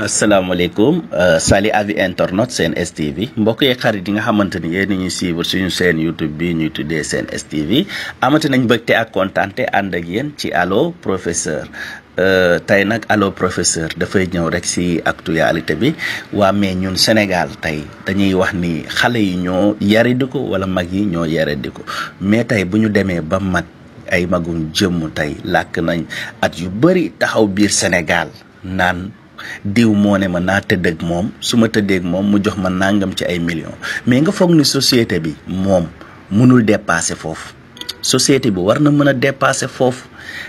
asalaamaaleykum euh, sali avi internet seen stv mbokk yi xarit yi nga xamante ni yéen ñuy suivre suñu seen youtube bi ñuy tuddee seen stv amati nañ bëgte ak kontaante ànd ak yéen ci allo professeur euh, tey nag alo professeur dafay ñëw rek si actualité bi waa mais ñun Sénégal tey dañuy wax ni xale yi ñoo yaridi ko wala mag yi ñoo yaridi ko mais tey bu ñu demee ba mag ay magum jëmm tey làkk nañ at yu bëri taxaw biir Sénégal naan diw moo ne ma naa tëdd ak moom su ma tëddee moom mu jox ma nangam ci ay millions mais nga foog ni société bi moom mënul dépasser foofu société bi war na mën a dépasser foofu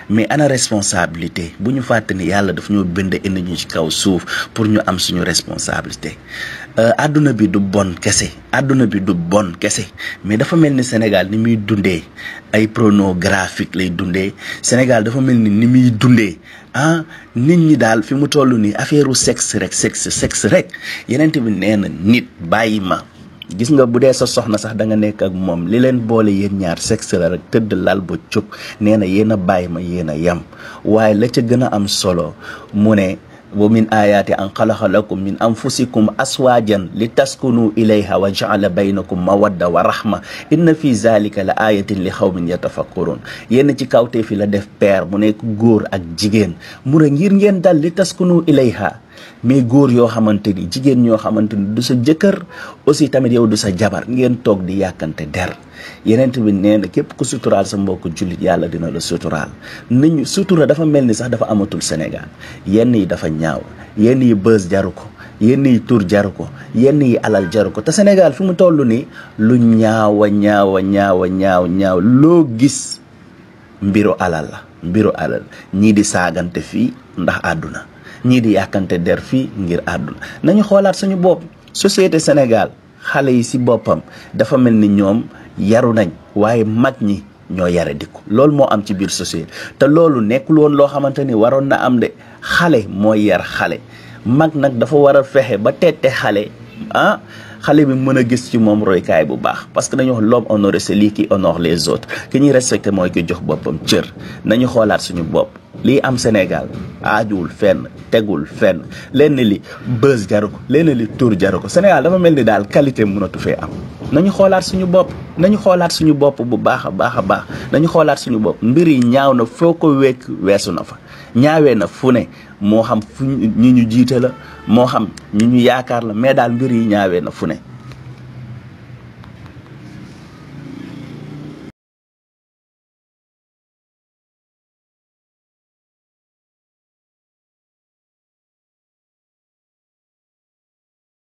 mais ana responsabilité bu ñu fàtte ni yàlla daf ñu bind indi ñu ci kaw suuf pour ñu am suñu responsabilité àdduna euh, bi du bon kese àdduna bi du bon kese mais dafa mel ni Sénégal ni muy dundee ay pornographique lay dundee Sénégal dafa mel ni ni muy dundee ah nit ñi daal fi mu toll nii affaireu sexe rek sexe sexe rek yeneen bi nee na nit bàyyi ma gis nga bu dee sa soxna sax da nga nekk ak moom li leen boole yéen ñaar sexe la rek tëdd lal ba cub nee na yéen a bàyyi ma yéen a yem waaye la ca gën a am solo mu ne wa min ayaati an xalaqa lakum min anfusikum aswaajan li taskunu ilayha wa jaala baynakum mawadda wa rahma inna fi zalika la ayatin li xawmin yatafakkurun yenn ci kawtee fi la def peer mu nekk góor ak jigéen mu ne ngir ngeen dal li taskunu ilayha mais góor yoo xamante ni jigéen ñoo xamante ni du sa jëkkër aussi tamit yow du sa jabar ngeen toog di yàkkante der yenent tamit nee na képp ku suturaal sa mbokk jullit yàlla dina la suturaal nit sutura dafa mel ni sax dafa amatul Sénégal yenn yi dafa ñaaw yenn yi bës jaru ko yenn yi tur jaru ko yenn yi alal jaru ko te Sénégal fi mu toll nii lu ñaawa ñaawa ñaawa ñaaw ñaaw loo gis mbiru alal la mbiru alal ñii di saagante fii ndax àdduna ñii di yàkkante der fii ngir àdduna nañu xoolaat suñu bopp société Sénégal xale yi si boppam dafa mel ni ñoom yaru nañ waaye mag ñi ñoo yare di ko loolu moo am ci biir société te loolu nekkul woon loo xamante ni waroon na am de xale mooy yar xale mag nag dafa war fexe ba tette xale ah xale bi mën a gis ci moom kay bu baax parce que dañu wax l'homme honore celui qui honore les autres ki ñuy respecté mooy ki jox boppam cër nañu xoolaat suñu bopp lii am Sénégal aajuwul fenn tegul fenn lenn li bës jaru ko lenn li tur jaru ko Sénégal dafa mel ni daal qualité mënatu fee am nañu xoolaat suñu bopp nañu xoolaat suñu bopp bu baax a baax a baax nañu xoolaat suñu bopp mbir yi ñaaw na foo ko wekk weesu na fa ñaawee na fu ne moo xam fu ñi ñu jiite la moo xam ñu ñu yaakaar la mais daal mbir yi ñaawee na fu ne